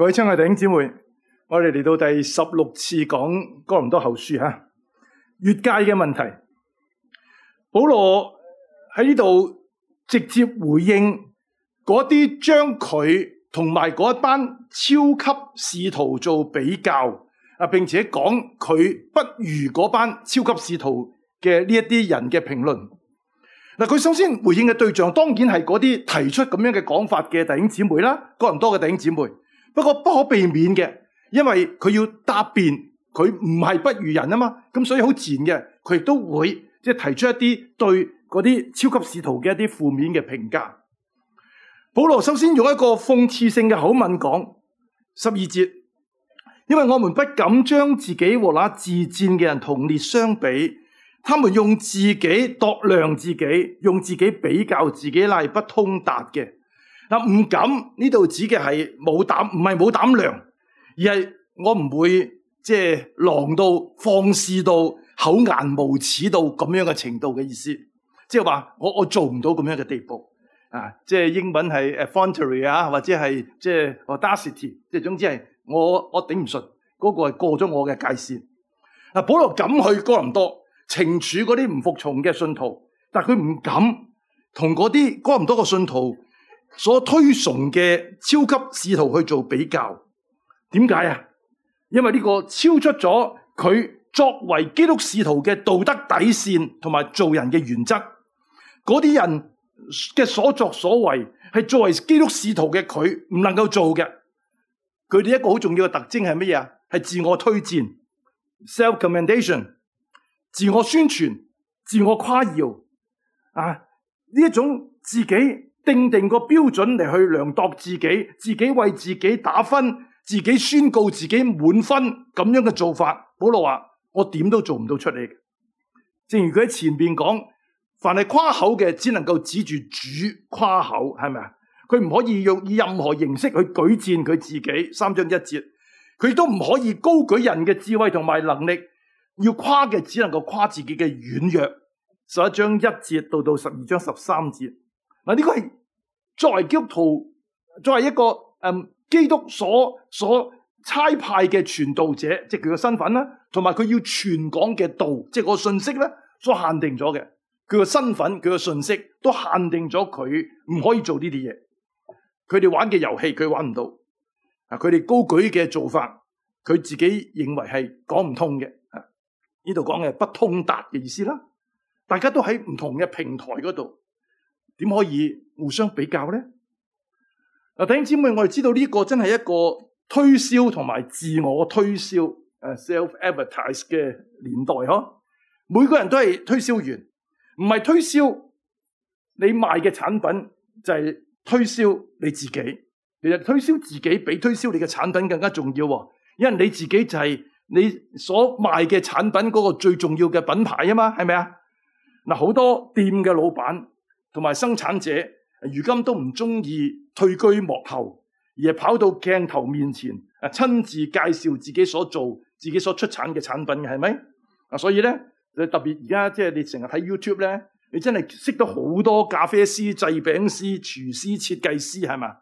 各位親愛的弟兄姊妹，我哋嚟到第十六次講哥林多後書越界嘅問題，保羅喺呢度直接回應嗰啲將佢同埋嗰班超級使徒做比較啊，並且講佢不如嗰班超級使徒嘅呢啲人嘅評論。嗱，佢首先回應嘅對象，當然係嗰啲提出咁樣嘅講法嘅弟兄姊妹啦，哥林多嘅弟兄姊妹。不過不可避免嘅，因為佢要答辯，佢唔係不如人啊嘛，咁所以好賤嘅，佢亦都會即提出一啲對嗰啲超級使徒嘅一啲負面嘅評價。保羅首先用一個諷刺性嘅口吻，講十二節，因為我們不敢將自己和那自薦嘅人同列相比，他們用自己度量自己，用自己比較自己，乃不通達嘅。嗱，唔敢呢度指嘅係冇膽，唔係冇膽量，而係我唔會即係狼到放肆到口硬無恥到咁樣嘅程度嘅意思，即係話我我做唔到咁樣嘅地步啊！即係英文係 e x f r o n t e r y 啊，或者係即係 a u d a c i t y，即係總之係我我頂唔順嗰個係過咗我嘅界線。嗱、啊，保羅敢去哥林多懲處嗰啲唔服從嘅信徒，但佢唔敢同嗰啲哥林多嘅信徒。所推崇嘅超級使徒去做比較，點解啊？因為呢個超出咗佢作為基督使徒嘅道德底線同埋做人嘅原則。嗰啲人嘅所作所為係作為基督使徒嘅佢唔能夠做嘅。佢哋一個好重要嘅特徵係乜嘢啊？係自我推薦、self commendation、自我宣傳、自我誇耀啊！呢一種自己。定定個標準嚟去量度自己，自己為自己打分，自己宣告自己滿分咁樣嘅做法。保羅話：我點都做唔到出嚟。正如佢喺前邊講，凡係誇口嘅，只能夠指住主誇口，係咪啊？佢唔可以用以任何形式去舉薦佢自己。三章一節，佢亦都唔可以高舉人嘅智慧同埋能力。要誇嘅只能夠誇自己嘅軟弱。十一章一節到到十二章十三節。嗱，呢個係作為基督徒，作為一個嗯基督所所差派嘅傳道者，即係佢嘅身份啦，同埋佢要傳講嘅道，即係個信息咧，所限定咗嘅佢個身份，佢個信息都限定咗佢唔可以做呢啲嘢。佢哋玩嘅遊戲，佢玩唔到。啊，佢哋高舉嘅做法，佢自己認為係講唔通嘅。呢度講嘅不通達嘅意思啦，大家都喺唔同嘅平台嗰度。點可以互相比較咧？嗱，弟兄姊妹，我哋知道呢個真係一個推銷同埋自我推銷，誒，self advertise 嘅年代嗬。每個人都係推銷員，唔係推銷你賣嘅產品，就係推銷你自己。其實推銷自己比推銷你嘅產品更加重要，因為你自己就係你所賣嘅產品嗰個最重要嘅品牌啊嘛，係咪啊？嗱，好多店嘅老闆。同埋生產者，如今都唔中意退居幕後，而係跑到鏡頭面前，啊，親自介紹自己所做、自己所出產嘅產品嘅，係咪？啊，所以咧，特別而家即係你成日睇 YouTube 咧，你真係識到好多咖啡師、製餅師、廚師、設計師，係嘛？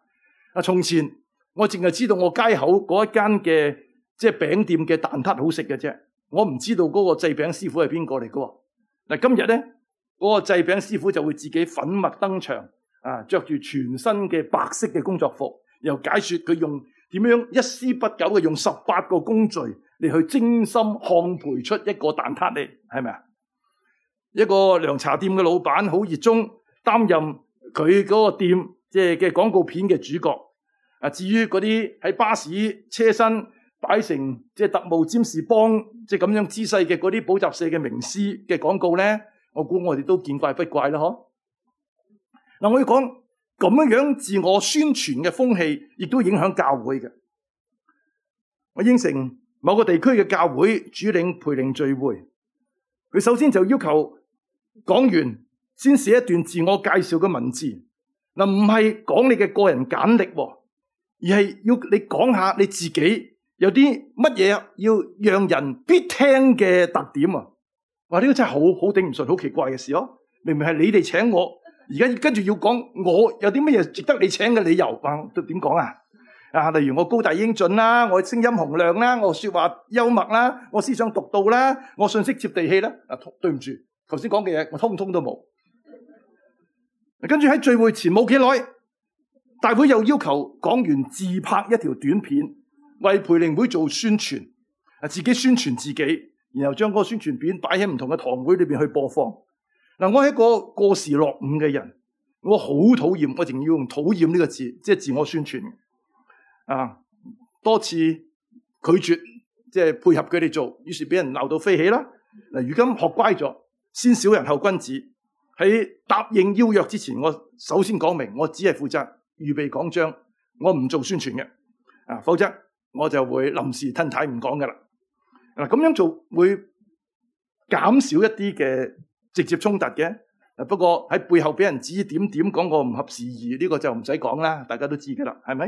啊，從前我淨係知道我街口嗰一間嘅即係餅店嘅蛋撻好食嘅啫，我唔知道嗰個製餅師傅係邊個嚟嘅。嗱，今日咧。嗰個製餅師傅就會自己粉墨登場，啊，著住全身嘅白色嘅工作服，又解説佢用點樣一絲不苟嘅用十八個工序嚟去精心烘焙出一個蛋撻嚟，係咪啊？一個涼茶店嘅老闆好熱衷擔任佢嗰個店即係嘅廣告片嘅主角。啊，至於嗰啲喺巴士車身擺成即係、就是、特務占士邦即係咁樣姿勢嘅嗰啲補習社嘅名師嘅廣告咧～我估我哋都見怪不怪啦，嗬！嗱，我要講咁樣樣自我宣傳嘅風氣，亦都影響教會嘅。我應承某個地區嘅教會主領培靈聚會，佢首先就要求講完先寫一段自我介紹嘅文字。嗱，唔係講你嘅個人簡歷，而係要你講下你自己有啲乜嘢要讓人必聽嘅特點啊！話呢個真係好好頂唔順，好奇怪嘅事咯、啊！明明係你哋請我，而家跟住要講我有啲乜嘢值得你請嘅理由？話點講啊？啊，例如我高大英俊啦，我聲音洪亮啦，我說話幽默啦，我思想獨到啦，我信息接地氣啦。啊，對唔住，頭先講嘅嘢我通通都冇。跟住喺聚會前冇幾耐，大會又要求講員自拍一條短片，為培靈會做宣傳，啊，自己宣傳自己。然後將嗰個宣傳片擺喺唔同嘅堂會裏邊去播放。嗱，我係一個過時落伍嘅人。我我，我好討厭，我仲要用討厭呢個字，即係自我宣傳嘅。啊，多次拒絕，即係配合佢哋做，於是俾人鬧到飛起啦。嗱，如今學乖咗，先小人後君子。喺答應邀約之前，我首先講明，我只係負責預備講章，我唔做宣傳嘅。啊，否則我就會臨時吞太唔講噶啦。嗱咁樣做會減少一啲嘅直接衝突嘅。不過喺背後俾人指點點講我唔合時宜，呢個就唔使講啦，大家都知嘅啦，係咪？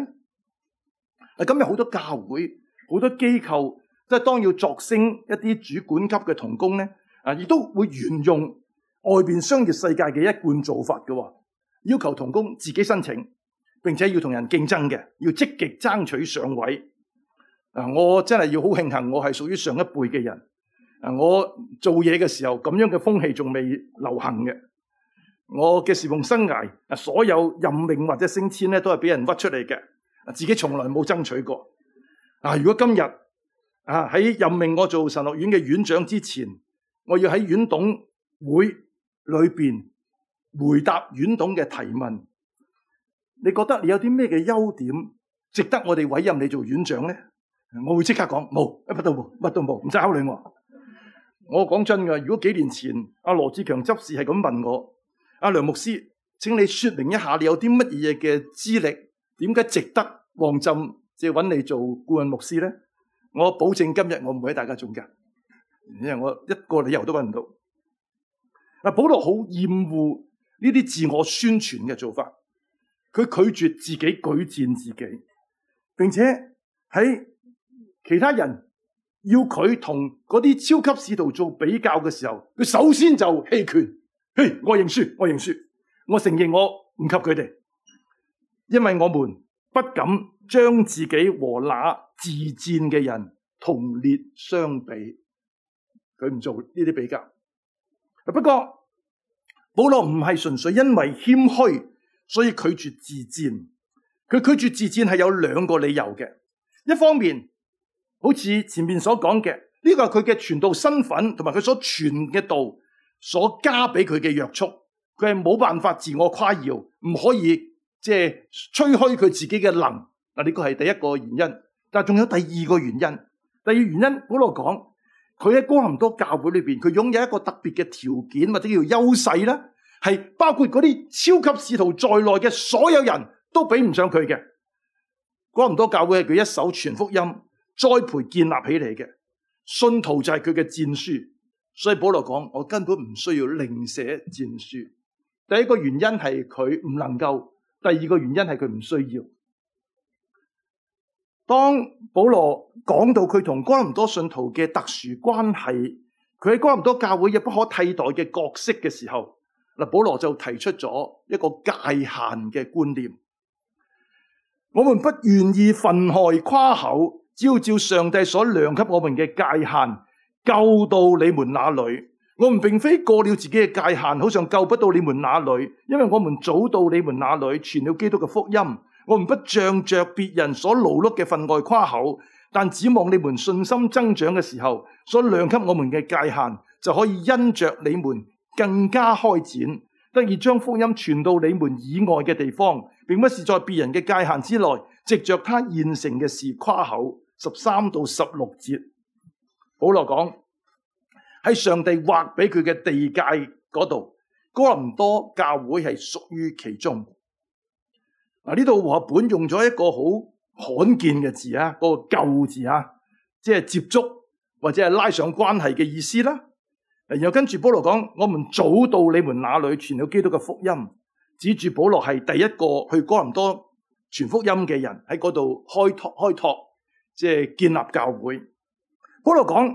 啊，今日好多教會、好多機構，即係當要作聲一啲主管級嘅同工咧，啊，亦都會沿用外邊商業世界嘅一貫做法嘅，要求同工自己申請並且要同人競爭嘅，要積極爭取上位。嗱，我真係要好慶幸，我係屬於上一輩嘅人。嗱，我做嘢嘅時候，咁樣嘅風氣仲未流行嘅。我嘅侍奉生涯，啊，所有任命或者升遷咧，都係俾人屈出嚟嘅。自己從來冇爭取過。嗱，如果今日啊喺任命我做神學院嘅院長之前，我要喺院董會裏邊回答院董嘅提問。你覺得你有啲咩嘅優點，值得我哋委任你做院長咧？我會即刻講冇乜都冇乜都冇，唔使考慮我。我講真噶，如果幾年前阿羅志強執事係咁問我，阿梁牧師，請你說明一下你有啲乜嘢嘅資歷，點解值得旺浸借搵你做顧問牧師咧？我保證今日我唔會喺大家中間，因為我一個理由都揾唔到。阿保羅好厭惡呢啲自我宣傳嘅做法，佢拒絕自己舉薦自己，並且喺。其他人要佢同嗰啲超級使徒做比較嘅時候，佢首先就棄權，嘿，我認輸，我認輸，我承認我唔及佢哋，因為我們不敢將自己和那自薦嘅人同列相比，佢唔做呢啲比較。不過保羅唔係純粹因為謙虛所以拒絕自薦，佢拒絕自薦係有兩個理由嘅，一方面。好似前面所講嘅，呢個係佢嘅傳道身份，同埋佢所傳嘅道所加俾佢嘅約束，佢係冇辦法自我誇耀，唔可以即係吹噓佢自己嘅能嗱，呢個係第一個原因。但係仲有第二個原因，第二原因保羅講，佢喺哥林多教會裏邊，佢擁有一個特別嘅條件或者叫優勢啦，係包括嗰啲超級使徒在內嘅所有人都比唔上佢嘅。哥林多教會係佢一手傳福音。栽培建立起嚟嘅信徒就係佢嘅戰書，所以保羅講，我根本唔需要另寫戰書。第一個原因係佢唔能夠，第二個原因係佢唔需要。當保羅講到佢同哥林多信徒嘅特殊關係，佢喺哥林多教會有不可替代嘅角色嘅時候，嗱，保羅就提出咗一個界限嘅觀念。我們不願意分外誇口。照照上帝所量給我們嘅界限，救到你們那裏。我們並非過了自己嘅界限，好像救不到你們那裏，因為我們早到你們那裏，傳了基督嘅福音。我們不仗着別人所勞碌嘅份外誇口，但指望你們信心增長嘅時候，所量給我們嘅界限就可以因着你們更加開展，得以將福音傳到你們以外嘅地方，並不是在別人嘅界限之內，藉着他現成嘅事誇口。十三到十六節，保羅講喺上帝劃俾佢嘅地界嗰度，哥林多教會係屬於其中。嗱，呢度和合本用咗一個好罕見嘅字啊，個舊字啊，即係接觸或者係拉上關係嘅意思啦。然後跟住保羅講：我們早到你們那裏傳了基督嘅福音，指住保羅係第一個去哥林多傳福音嘅人，喺嗰度開拓開拓。開拓即係建立教會，保羅講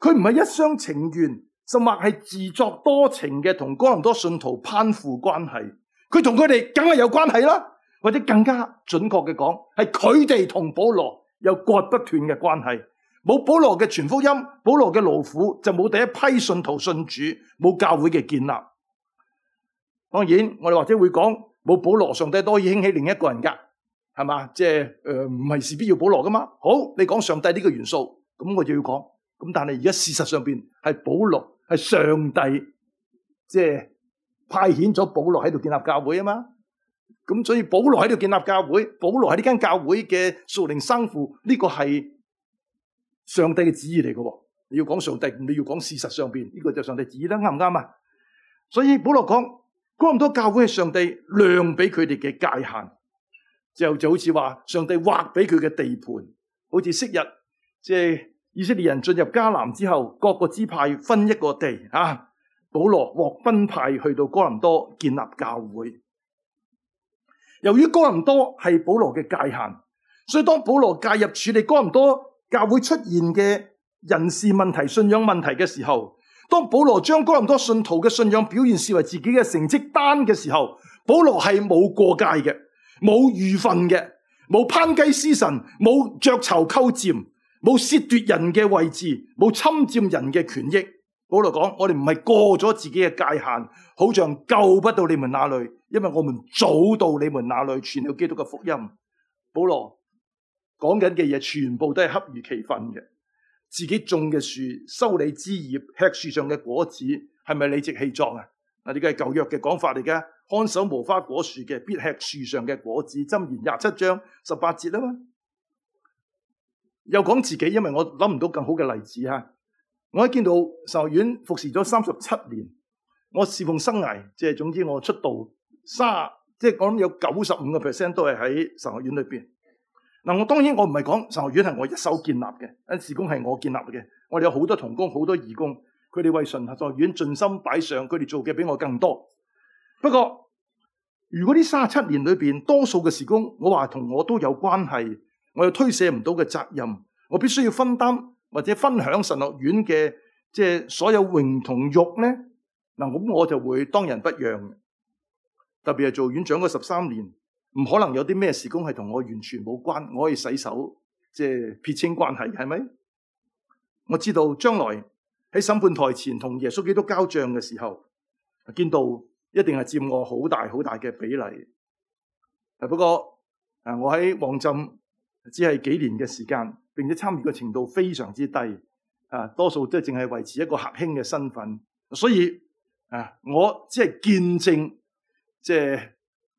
佢唔係一廂情願，甚或係自作多情嘅，同哥林多信徒攀附關係。佢同佢哋梗係有關係啦，或者更加準確嘅講，係佢哋同保羅有割不斷嘅關係。冇保羅嘅傳福音，保羅嘅勞苦就冇第一批信徒信主，冇教會嘅建立。當然，我哋或者會講冇保羅上帝都可以興起另一個人㗎。係嘛？即係誒，唔、呃、係是事必要保羅噶嘛？好，你講上帝呢個元素，咁我就要講。咁但係而家事實上邊係保羅係上帝，即係派遣咗保羅喺度建立教會啊嘛。咁所以保羅喺度建立教會，保羅喺呢間教會嘅屬靈生父，呢、這個係上帝嘅旨意嚟噶你要講上帝，你要講事實上邊呢、這個就上帝旨意得啱唔啱啊？所以保羅講，哥林多教會係上帝量俾佢哋嘅界限。就就好似話，上帝劃俾佢嘅地盤，好似昔日即係、就是、以色列人進入迦南之後，各個支派分一個地啊。保羅獲分派去到哥林多建立教會。由於哥林多係保羅嘅界限，所以當保羅介入處理哥林多教會出現嘅人事問題、信仰問題嘅時候，當保羅將哥林多信徒嘅信仰表現視爲自己嘅成績單嘅時候，保羅係冇過界嘅。冇逾分嘅，冇牝雞司晨，冇鵲巢鳩佔，冇竊奪人嘅位置，冇侵佔人嘅權益。保羅講，我哋唔係過咗自己嘅界限，好像救不到你們那裏，因為我們早到你們那裏傳了基督嘅福音。保羅講緊嘅嘢全部都係恰如其分嘅，自己種嘅樹修理枝葉，吃樹上嘅果子，係咪理直氣壯啊？嗱，呢個係舊約嘅講法嚟嘅。看守無花果樹嘅，必吃樹上嘅果子。箴言廿七章十八節啦嘛。又講自己，因為我諗唔到更好嘅例子哈。我一見到神學院服侍咗三十七年，我侍奉生涯，即係總之我出道30，我，三，即係我諗有九十五個 percent 都係喺神學院裏邊。嗱，我當然我唔係講神學院係我一手建立嘅，啲事工係我建立嘅。我哋有好多同工，好多義工，佢哋為神學院盡心擺上，佢哋做嘅比我更多。不過，如果呢三十七年裏邊，多數嘅時工，我話同我都有關係，我又推卸唔到嘅責任，我必須要分擔或者分享神學院嘅即係所有榮同辱咧。嗱，咁我就會當仁不讓。特別係做院長嗰十三年，唔可能有啲咩時工係同我完全冇關，我可以洗手即係、就是、撇清關係嘅，係咪？我知道將來喺審判台前同耶穌基督交賬嘅時候，見到。一定係佔我好大好大嘅比例。啊，不過啊，我喺旺浸只係幾年嘅時間，並且參與嘅程度非常之低。啊，多數即係淨係維持一個客卿嘅身份。所以啊，我只係見證，即係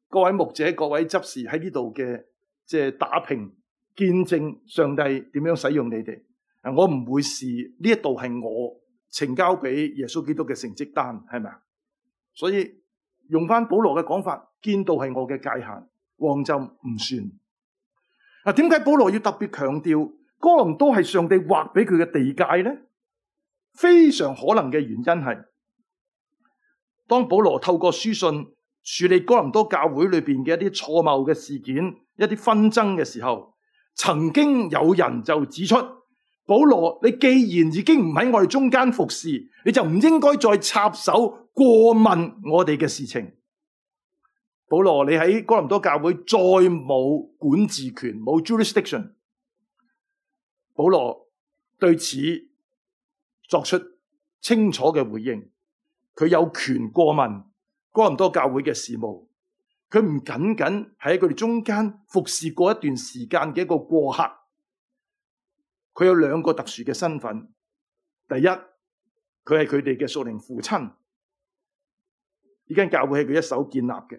各位牧者、各位執事喺呢度嘅，即係打拼見證上帝點樣使用你哋。我唔會視是呢一度係我呈交俾耶穌基督嘅成績單，係咪啊？所以用翻保羅嘅講法，見到係我嘅界限，王就唔算。嗱，點解保羅要特別強調哥林多係上帝劃俾佢嘅地界呢？非常可能嘅原因係，當保羅透過書信處理哥林多教會裏邊嘅一啲錯謬嘅事件、一啲紛爭嘅時候，曾經有人就指出：保羅，你既然已經唔喺我哋中間服侍，你就唔應該再插手。過問我哋嘅事情，保羅，你喺哥林多教會再冇管治權，冇 jurisdiction。保羅對此作出清楚嘅回應，佢有權過問哥林多教會嘅事務。佢唔僅僅喺佢哋中間服侍過一段時間嘅一個過客，佢有兩個特殊嘅身份。第一，佢係佢哋嘅屬靈父親。依家教會係佢一手建立嘅，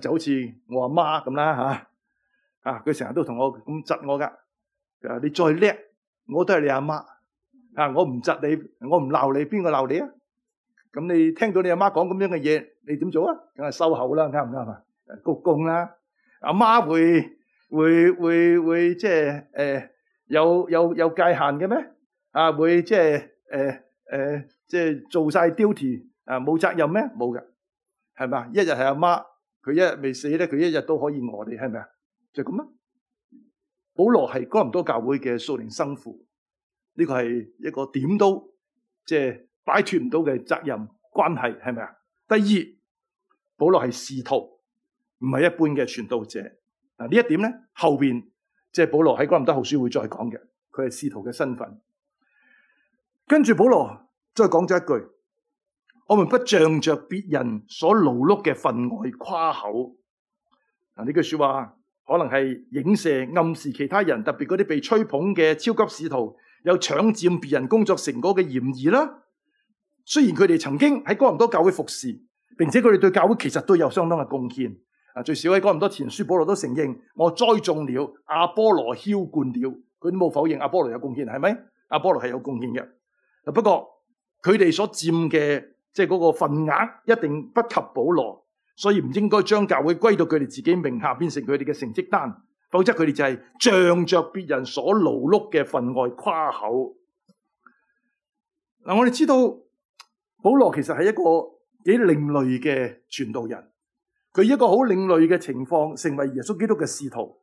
就好似我阿媽咁啦吓，啊佢成日都同我咁窒我噶，誒你再叻我都係你阿媽,媽，啊我唔窒你，我唔鬧你，邊個鬧你啊？咁你聽到你阿媽講咁樣嘅嘢，你點做啊？梗係收口啦，啱唔啱啊？鞠躬啦，阿媽,媽會會會會即係誒有有有界限嘅咩？啊會即係誒誒即係做晒 duty。啊！冇責任咩？冇嘅，係咪啊？一日係阿媽，佢一日未死咧，佢一日都可以餓、呃、你，係咪啊？就咁啊！保羅係哥林多教會嘅屬靈生父，呢個係一個點都即係擺脱唔到嘅責任關係，係咪啊？第二，保羅係使徒，唔係一般嘅傳道者。嗱呢一點咧，後邊即係保羅喺哥林多後書會再講嘅，佢係使徒嘅身份。跟住保羅再講咗一句。我們不仗着別人所勞碌嘅份外誇口。嗱，呢句說話可能係影射、暗示其他人，特別嗰啲被吹捧嘅超級使徒有搶佔別人工作成果嘅嫌疑啦。雖然佢哋曾經喺哥林多教會服侍，並且佢哋對教會其實都有相當嘅貢獻。啊，最少喺哥林多前書保羅都承認我栽種了，阿波羅澆灌了。佢都冇否認阿波羅有貢獻，係咪？阿波羅係有貢獻嘅。不過佢哋所佔嘅。即係嗰個份額一定不及保羅，所以唔應該將教會歸到佢哋自己名下，變成佢哋嘅成績單，否則佢哋就係仗着別人所勞碌嘅份外誇口。嗱、嗯，我哋知道保羅其實係一個幾另類嘅傳道人，佢一個好另類嘅情況，成為耶穌基督嘅使徒。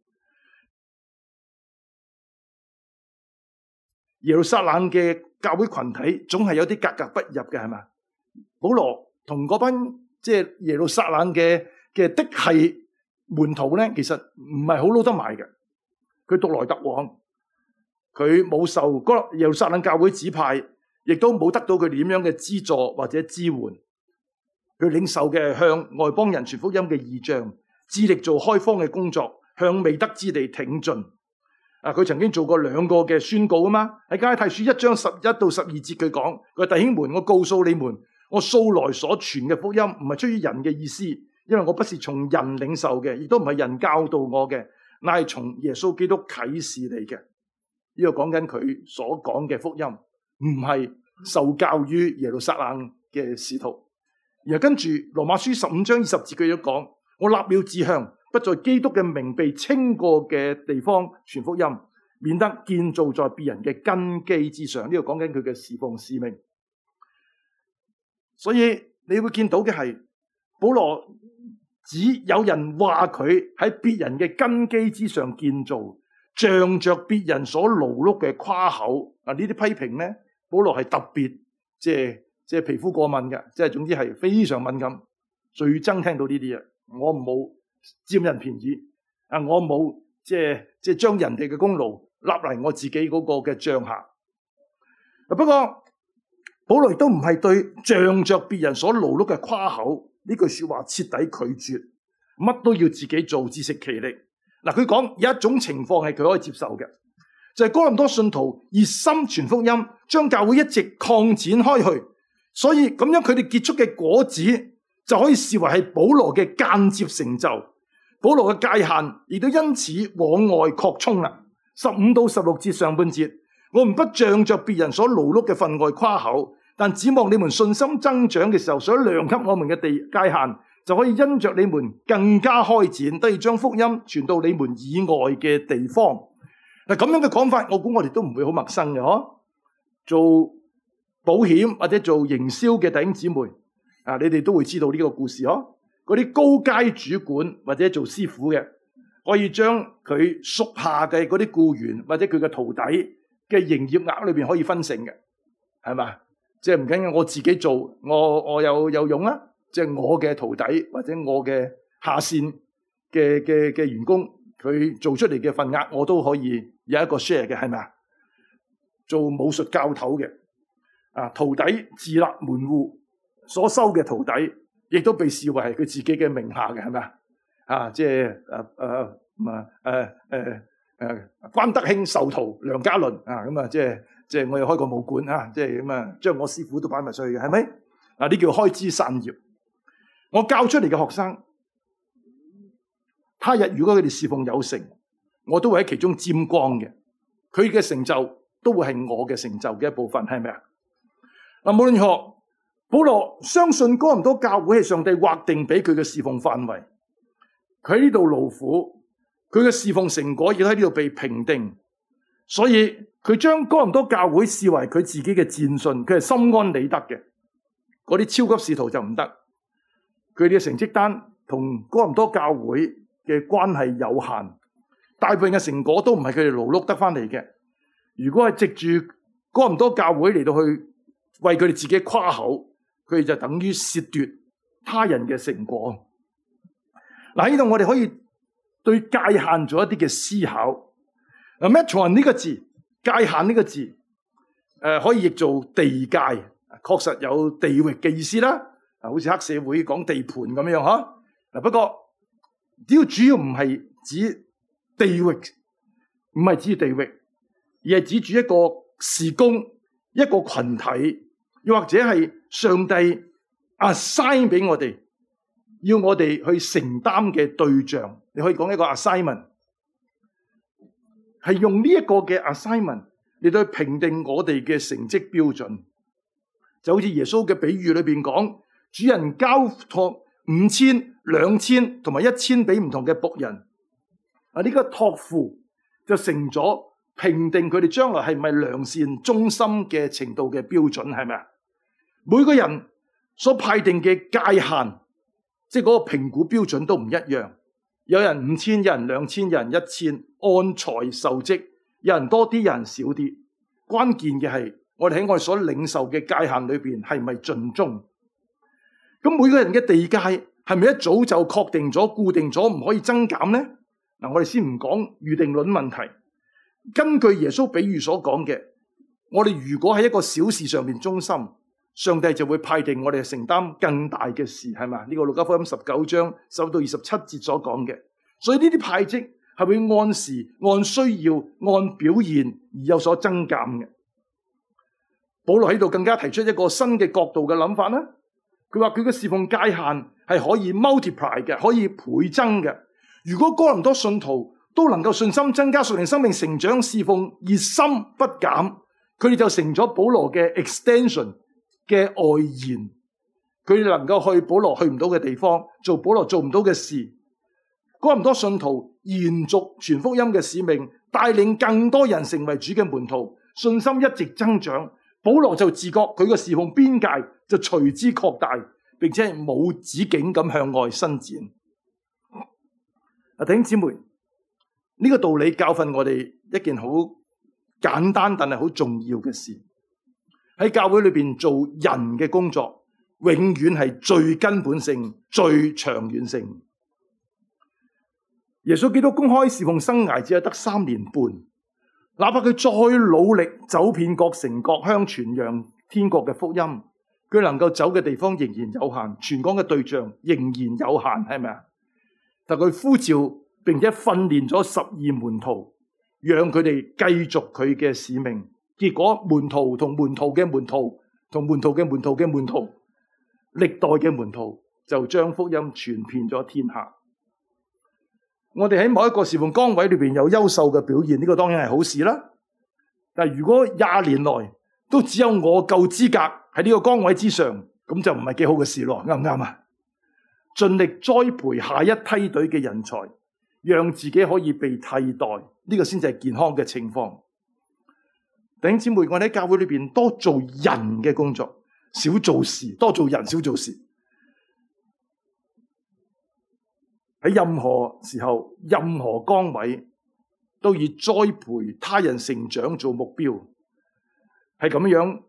耶路撒冷嘅教會群體總係有啲格格不入嘅，係嘛？保羅同嗰班即係耶路撒冷嘅，嘅的係門徒咧，其實唔係好撈得埋嘅。佢獨來獨往，佢冇受耶路撒冷教會指派，亦都冇得到佢點樣嘅資助或者支援。佢領受嘅向外邦人傳福音嘅異象，致力做開荒嘅工作，向未得之地挺進。啊，佢曾經做過兩個嘅宣告啊嘛，喺加拉太書一章十一到十二節，佢講：，佢弟兄們，我告訴你們。我素來所傳嘅福音唔係出於人嘅意思，因為我不是從人領受嘅，亦都唔係人教導我嘅，乃係從耶穌基督啟示你嘅。呢、這個講緊佢所講嘅福音，唔係受教於耶路撒冷嘅使徒。然後跟住羅馬書十五章二十節佢都講：我立了志向，不在基督嘅名被稱過嘅地方傳福音，免得建造在別人嘅根基之上。呢度講緊佢嘅侍奉使命。所以你會見到嘅係保羅只有人話佢喺別人嘅根基之上建造，仗着別人所勞碌嘅誇口啊！呢啲批評呢，保羅係特別即係即係皮膚過敏嘅，即係總之係非常敏感，最憎聽到呢啲嘢。我冇佔人便宜啊！我冇即係即係將人哋嘅功勞立嚟，我自己嗰個嘅帳下。不過。保羅都唔係對仗着別人所勞碌嘅誇口呢句說話徹底拒絕，乜都要自己做自食其力。嗱，佢講有一種情況係佢可以接受嘅，就係、是、哥林多信徒熱心傳福音，將教會一直擴展開去，所以咁樣佢哋結出嘅果子就可以視為係保羅嘅間接成就。保羅嘅界限亦都因此往外擴充啦。十五到十六節上半節。我唔不仗着別人所勞碌嘅分外誇口，但指望你們信心增長嘅時候，所量給我們嘅地界限，就可以因着你們更加開展，得以將福音傳到你們以外嘅地方。嗱，咁樣嘅講法，我估我哋都唔會好陌生嘅嗬。做保險或者做營銷嘅弟兄姊妹，啊，你哋都會知道呢個故事嗬。嗰啲高階主管或者做師傅嘅，可以將佢屬下嘅嗰啲雇員或者佢嘅徒弟。嘅營業額裏邊可以分成嘅，係嘛？即係唔緊要，我自己做，我我有有用啦。即係我嘅徒弟或者我嘅下線嘅嘅嘅員工，佢做出嚟嘅份額，我都可以有一個 share 嘅，係咪啊？做武術教頭嘅啊，徒弟自立門戶，所收嘅徒弟亦都被視為係佢自己嘅名下嘅，係咪啊？啊，即係啊啊嘛，誒、呃、誒。呃呃呃呃誒，關德興授徒梁家麟啊，咁啊，即係即係我又開個武館啊，即係咁啊，將我師傅都擺埋上去嘅，係咪？啊，呢叫開枝散葉。我教出嚟嘅學生，他日如果佢哋侍奉有成，我都會喺其中沾光嘅。佢嘅成就都會係我嘅成就嘅一部分，係咪啊？嗱，無論如何，保羅相信哥林多教會係上帝劃定俾佢嘅侍奉範圍。佢喺呢度勞苦。佢嘅侍奉成果亦喺呢度被評定，所以佢將哥林多教會視為佢自己嘅戰信，佢係心安理得嘅。嗰啲超級使徒就唔得，佢哋嘅成績單同哥林多教會嘅關係有限，大部分嘅成果都唔係佢哋勞碌得翻嚟嘅。如果係藉住哥林多教會嚟到去為佢哋自己誇口，佢哋就等於竊奪他人嘅成果。嗱，呢度我哋可以。對界限做一啲嘅思考。嗱，metron 呢個字，界限呢個字，誒、呃、可以譯做地界，確實有地域嘅意思啦。嗱，好似黑社會講地盤咁樣呵。嗱，不過主要主要唔係指地域，唔係指地域，而係指住一個事工、一個群體，又或者係上帝 assign 俾我哋，要我哋去承擔嘅對象。你可以講一個 assignment，係用呢一個嘅 assignment，你對評定我哋嘅成績標準，就好似耶穌嘅比喻裏邊講，主人交託五千、兩千同埋一千俾唔同嘅僕人，啊、這、呢個託付就成咗評定佢哋將來係咪良善忠心嘅程度嘅標準，係咪啊？每個人所派定嘅界限，即係嗰個評估標準都唔一樣。有人五千人、兩千人、一千，按才受職。有人多啲，有人少啲。關鍵嘅係，我哋喺我哋所領受嘅界限裏邊，係咪盡忠？咁每個人嘅地界係咪一早就確定咗、固定咗，唔可以增減呢？嗱，我哋先唔講預定論問題。根據耶穌比喻所講嘅，我哋如果喺一個小事上面忠心。上帝就會派定我哋係承擔更大嘅事，係嘛？呢、這個《路加福音》十九章十到二十七節所講嘅，所以呢啲派職係會按時、按需要、按表現而有所增減嘅。保羅喺度更加提出一個新嘅角度嘅諗法啦。佢話佢嘅侍奉界限係可以 multiply 嘅，可以倍增嘅。如果哥林多信徒都能夠信心增加、屬靈生命成長、侍奉熱心不減，佢哋就成咗保羅嘅 extension。嘅外延，佢能夠去保羅去唔到嘅地方，做保羅做唔到嘅事，咁多信徒延續傳福音嘅使命，帶領更多人成為主嘅門徒，信心一直增長，保羅就自覺佢嘅事奉邊界就隨之擴大，並且冇止境咁向外伸展。弟兄姊妹，呢個道理教訓我哋一件好簡單但係好重要嘅事。喺教會裏邊做人嘅工作，永遠係最根本性、最長遠性。耶穌基督公開侍奉生涯只係得三年半，哪怕佢再努力走遍各城各鄉、各鄉，傳揚天國嘅福音，佢能夠走嘅地方仍然有限，傳講嘅對象仍然有限，係咪啊？但佢呼召並且訓練咗十二門徒，讓佢哋繼續佢嘅使命。結果門徒同門徒嘅門徒，同門徒嘅門徒嘅門徒，歷代嘅門徒就將福音傳遍咗天下。我哋喺某一個事奉崗位裏邊有優秀嘅表現，呢個當然係好事啦。但如果廿年內都只有我夠資格喺呢個崗位之上，咁就唔係幾好嘅事咯，啱唔啱啊？盡力栽培下一梯隊嘅人才，讓自己可以被替代，呢個先至係健康嘅情況。弟兄姊妹，我哋喺教會裏邊多做人嘅工作，少做事，多做人，少做事。喺任何時候、任何崗位，都以栽培他人成長做目標，係咁樣，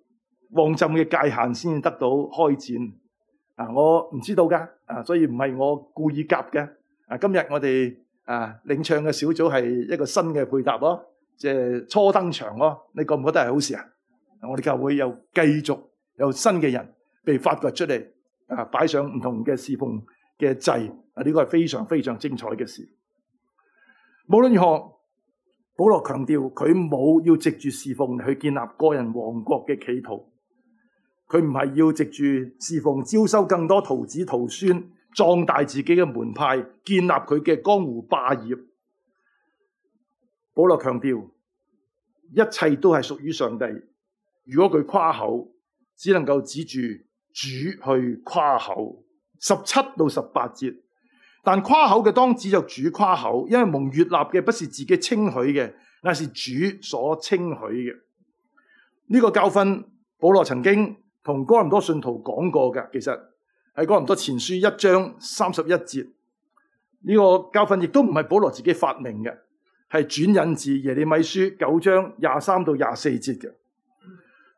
旺浸嘅界限先至得到開展。啊，我唔知道噶，啊，所以唔係我故意夾嘅。啊，今日我哋啊領唱嘅小組係一個新嘅配搭咯。啊即係初登場咯，你覺唔覺得係好事啊？我哋教會有繼續有新嘅人被發掘出嚟，啊，擺上唔同嘅侍奉嘅祭。啊呢個係非常非常精彩嘅事。無論如何，保羅強調佢冇要藉住侍奉去建立個人王國嘅企圖，佢唔係要藉住侍奉招收更多徒子徒孫，壯大自己嘅門派，建立佢嘅江湖霸業。保羅強調，一切都係屬於上帝。如果佢誇口，只能夠指住主去誇口。十七到十八節，但誇口嘅當指著主誇口，因為蒙悅納嘅不是自己稱許嘅，而是主所稱許嘅。呢、這個教訓保羅曾經同哥林多信徒講過㗎，其實喺哥林多前書一章三十一節，呢、這個教訓亦都唔係保羅自己發明嘅。係轉引自耶利米書九章廿三到廿四節嘅。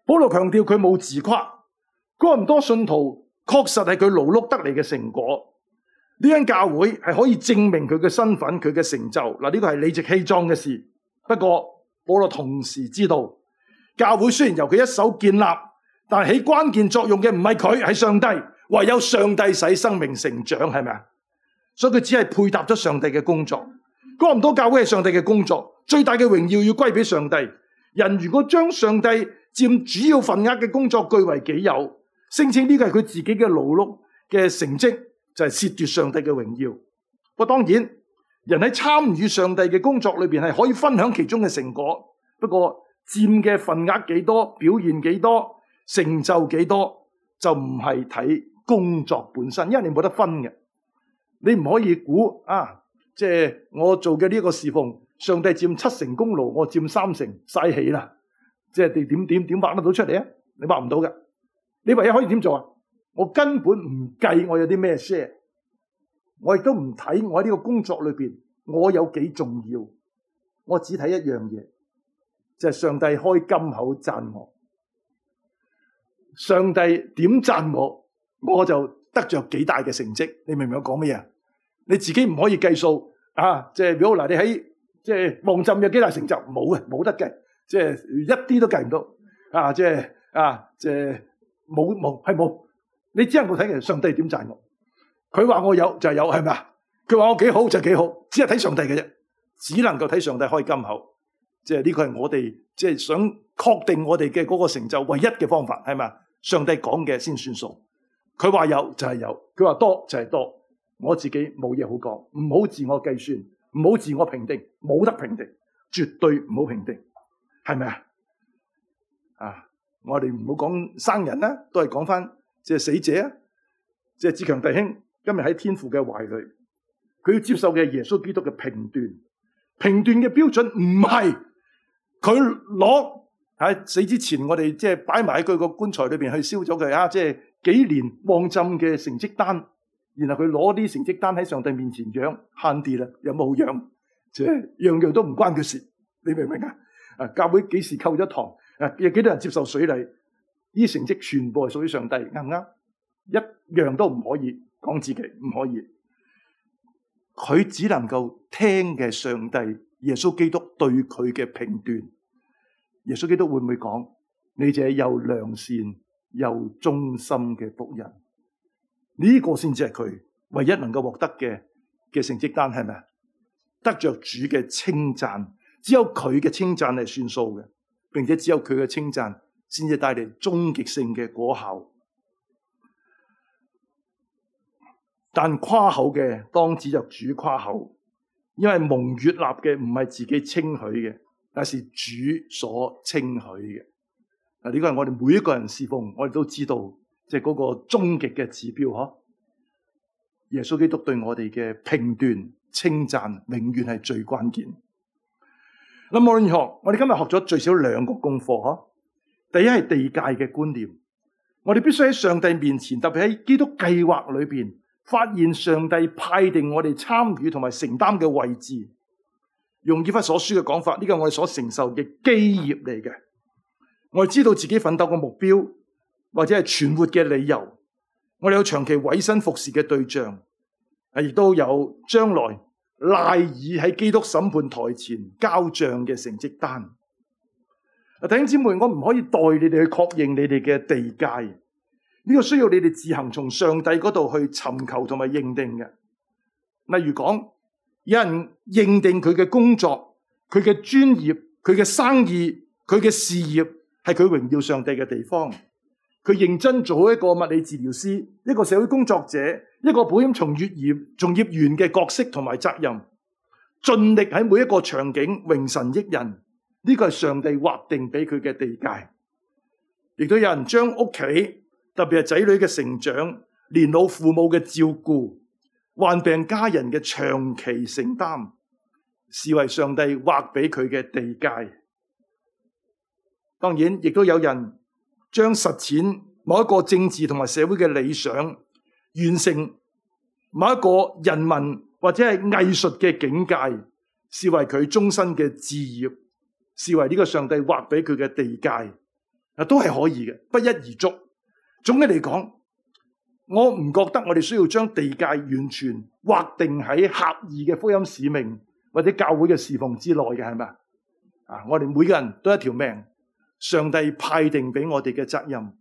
保羅強調佢冇自誇，哥林多信徒確實係佢勞碌得嚟嘅成果。呢間教會係可以證明佢嘅身份、佢嘅成就。嗱，呢個係理直氣壯嘅事。不過保羅同時知道，教會雖然由佢一手建立，但係起關鍵作用嘅唔係佢，係上帝。唯有上帝使生命成長，係咪啊？所以佢只係配搭咗上帝嘅工作。講唔多，教會係上帝嘅工作，最大嘅榮耀要歸俾上帝。人如果將上帝佔主要份額嘅工作據為己有，聲稱呢個係佢自己嘅勞碌嘅成績，就係褻瀆上帝嘅榮耀。不過當然，人喺參與上帝嘅工作裏邊係可以分享其中嘅成果，不過佔嘅份額幾多、表現幾多、成就幾多，就唔係睇工作本身，因為你冇得分嘅，你唔可以估啊。即係我做嘅呢一個侍奉，上帝佔七成功勞，我佔三成，嘥氣啦！即係你點點點掹得到出嚟啊？你掹唔到嘅，你唯一可以點做啊？我根本唔計我有啲咩 share，我亦都唔睇我喺呢個工作裏邊我有幾重要，我只睇一樣嘢，就係上帝開金口讚我，上帝點讚我，我就得着幾大嘅成績。你明唔明我講乜嘢？你自己唔可以計數啊！即係如果嗱，你喺即係旺浸有幾大成就，冇嘅，冇得計，即係一啲都計唔到啊！即係啊！即係冇冇係冇，你只能夠睇人上帝點讚我。佢話我有就係有，係咪啊？佢話我幾好就係幾好，只係睇上帝嘅啫，只能夠睇上帝開金口。即係呢個係我哋即係想確定我哋嘅嗰個成就唯一嘅方法，係咪啊？上帝講嘅先算數，佢話有就係有，佢話多就係多。就係多。我自己冇嘢好講，唔好自我計算，唔好自我評定，冇得評定，絕對唔好評定，係咪啊？啊，我哋唔好講生人啦，啊，都係講翻即係死者啊！即係志強弟兄今日喺天父嘅懷裏，佢要接受嘅耶穌基督嘅評斷，評斷嘅標準唔係佢攞喺死之前，我哋即係擺埋喺佢個棺材裏邊去燒咗佢啊！即係幾年旺浸嘅成績單。然後佢攞啲成績單喺上帝面前養慳啲啦，有冇養，即係樣樣都唔關佢事，你明唔明啊？啊，教會幾時扣咗堂？啊，有幾多人接受水禮？呢啲成績全部係屬於上帝，啱唔啱？一樣都唔可以講自己，唔可以，佢只能夠聽嘅上帝耶穌基督對佢嘅評斷。耶穌基督會唔會講你這又良善又忠心嘅僕人？呢個先至係佢唯一能夠獲得嘅嘅成績單係咪？得着主嘅稱讚，只有佢嘅稱讚係算數嘅，並且只有佢嘅稱讚先至帶嚟終極性嘅果效。但誇口嘅，當指就主誇口，因為蒙悅納嘅唔係自己稱許嘅，而是主所稱許嘅。嗱，呢個係我哋每一個人侍奉，我哋都知道。即係嗰個終極嘅指標嗬，耶穌基督對我哋嘅評斷、稱讚，永遠係最關鍵。嗱，無論如何，我哋今日學咗最少兩個功課嗬。第一係地界嘅觀念，我哋必須喺上帝面前，特別喺基督計劃裏邊，發現上帝派定我哋參與同埋承擔嘅位置。用《以弗所書》嘅講法，呢個係我哋所承受嘅基業嚟嘅，我哋知道自己奮鬥嘅目標。或者係存活嘅理由，我哋有長期委身服侍嘅對象，啊，亦都有將來賴以喺基督審判台前交賬嘅成績單。弟兄姊妹，我唔可以代你哋去確認你哋嘅地界，呢、呢個需要你哋自行從上帝嗰度去尋求同埋認定嘅。例如講，有人認定佢嘅工作、佢嘅專業、佢嘅生意、佢嘅事業係佢榮耀上帝嘅地方。佢認真做好一個物理治療師、一個社會工作者、一個保險從業員、從業員嘅角色同埋責任，盡力喺每一個場景榮神益人。呢個係上帝劃定俾佢嘅地界。亦都有人將屋企，特別係仔女嘅成長、年老父母嘅照顧、患病家人嘅長期承擔，視為上帝劃俾佢嘅地界。當然，亦都有人。將實踐某一個政治同埋社會嘅理想，完成某一個人民或者係藝術嘅境界，視為佢終身嘅志業，視為呢個上帝劃俾佢嘅地界，啊，都係可以嘅，不一而足。總嘅嚟講，我唔覺得我哋需要將地界完全劃定喺狹義嘅福音使命或者教會嘅侍奉之內嘅，係咪啊？我哋每個人，都一條命。上帝派定俾我哋嘅責任，嗱、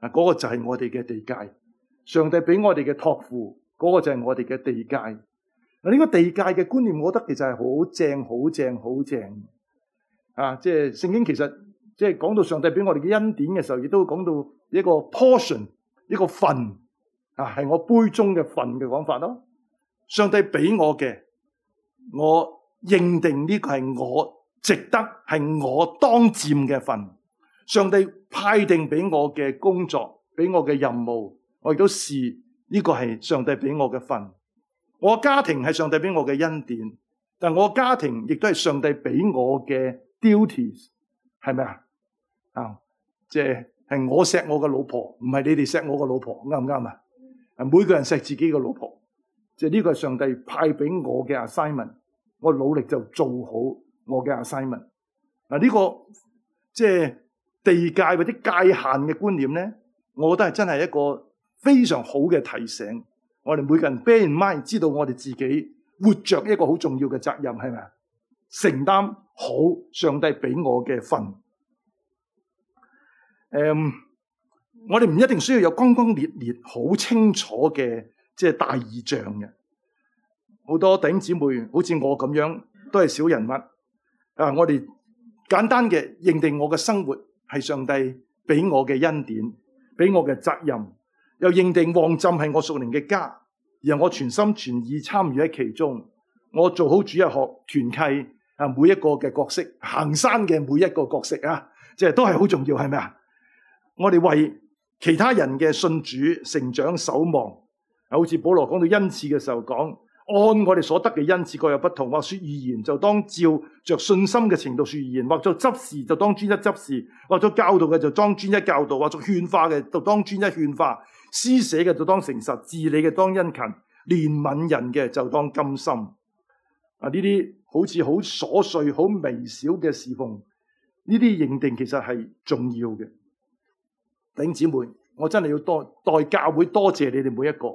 那、嗰個就係我哋嘅地界。上帝俾我哋嘅託付，嗰、那個就係我哋嘅地界。嗱、這、呢個地界嘅觀念，我覺得其實係好正、好正、好正。啊，即、就、係、是、聖經其實即係講到上帝俾我哋嘅恩典嘅時候，亦都講到一個 portion，一個份啊，係我杯中嘅份嘅講法咯。上帝俾我嘅，我認定呢個係我值得係我當佔嘅份。上帝派定俾我嘅工作，俾我嘅任務，我亦都試呢、這個係上帝俾我嘅份。我家庭係上帝俾我嘅恩典，但我家庭亦都係上帝俾我嘅 duties，係咪啊？啊，即係係我錫我嘅老婆，唔係你哋錫我嘅老婆，啱唔啱啊？啊，每個人錫自己嘅老婆，即係呢個係上帝派俾我嘅 a s s i g n m e n t 我努力就做好我嘅 a s s i g n m e n 嗱呢個即係。地界或者界限嘅觀念咧，我覺得係真係一個非常好嘅提醒。我哋每個人 bear in mind 知道我哋自己活着一個好重要嘅責任係咪啊？承擔好上帝俾我嘅份。誒、嗯，我哋唔一定需要有轟轟烈烈、好清楚嘅，即係大異象嘅。好多弟兄姊妹好似我咁樣都係小人物啊！我哋簡單嘅認定我嘅生活。係上帝畀我嘅恩典，畀我嘅責任，又認定旺浸係我屬靈嘅家，而我全心全意參與喺其中，我做好主日學、團契啊，每一個嘅角色，行山嘅每一個角色啊，即係都係好重要，係咪啊？我哋為其他人嘅信主成長守望，好似保羅講到恩賜嘅時候講。按我哋所得嘅恩賜各有不同，或說語言，就當照着信心嘅程度說語言，或者執事就當專一執事，或者教導嘅就當專一教導，或者勸化嘅就當專一勸化，施捨嘅就當誠實，治理嘅當殷勤，憐憫人嘅就當甘心。啊，呢啲好似好瑣碎、好微小嘅事奉，呢啲認定其實係重要嘅。弟兄姊妹，我真係要多代教會多謝你哋每一個，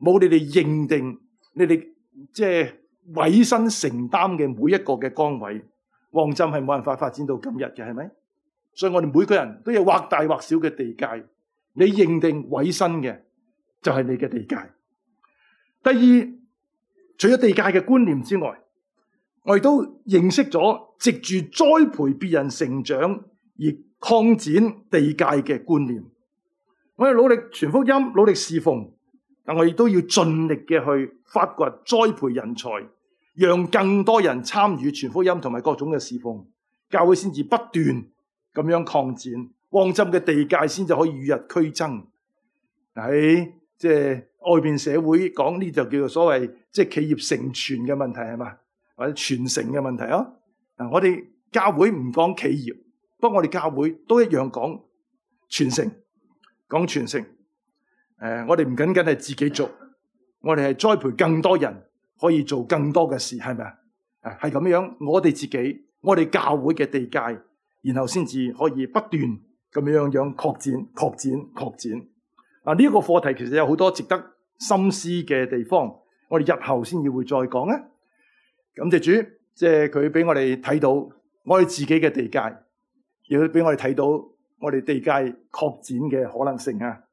冇你哋認定你哋即係委身承擔嘅每一個嘅崗位，旺浸係冇辦法發展到今日嘅，係咪？所以我哋每個人都有或大或小嘅地界，你認定委身嘅就係你嘅地界。第二，除咗地界嘅觀念之外，我亦都認識咗藉住栽培別人成長而擴展地界嘅觀念。我哋努力傳福音，努力侍奉。但我亦都要盡力嘅去發掘、栽培人才，讓更多人參與傳福音同埋各種嘅侍奉，教會先至不斷咁樣擴展旺浸嘅地界，先至可以與日俱增。喺即係外邊社會講呢，就叫做所謂即係、就是、企業成全嘅問題係嘛，或者傳承嘅問題哦。嗱，我哋教會唔講企業，不過我哋教會都一樣講傳承，講傳承。誒、呃，我哋唔僅僅係自己做，我哋係栽培更多人，可以做更多嘅事，係咪啊？係咁樣，我哋自己，我哋教會嘅地界，然後先至可以不斷咁樣樣擴展、擴展、擴展。嗱、啊，呢、這、一個課題其實有好多值得深思嘅地方，我哋日後先至會再講咧、啊。感謝主，即係佢俾我哋睇到我哋自己嘅地界，亦都俾我哋睇到我哋地界擴展嘅可能性啊！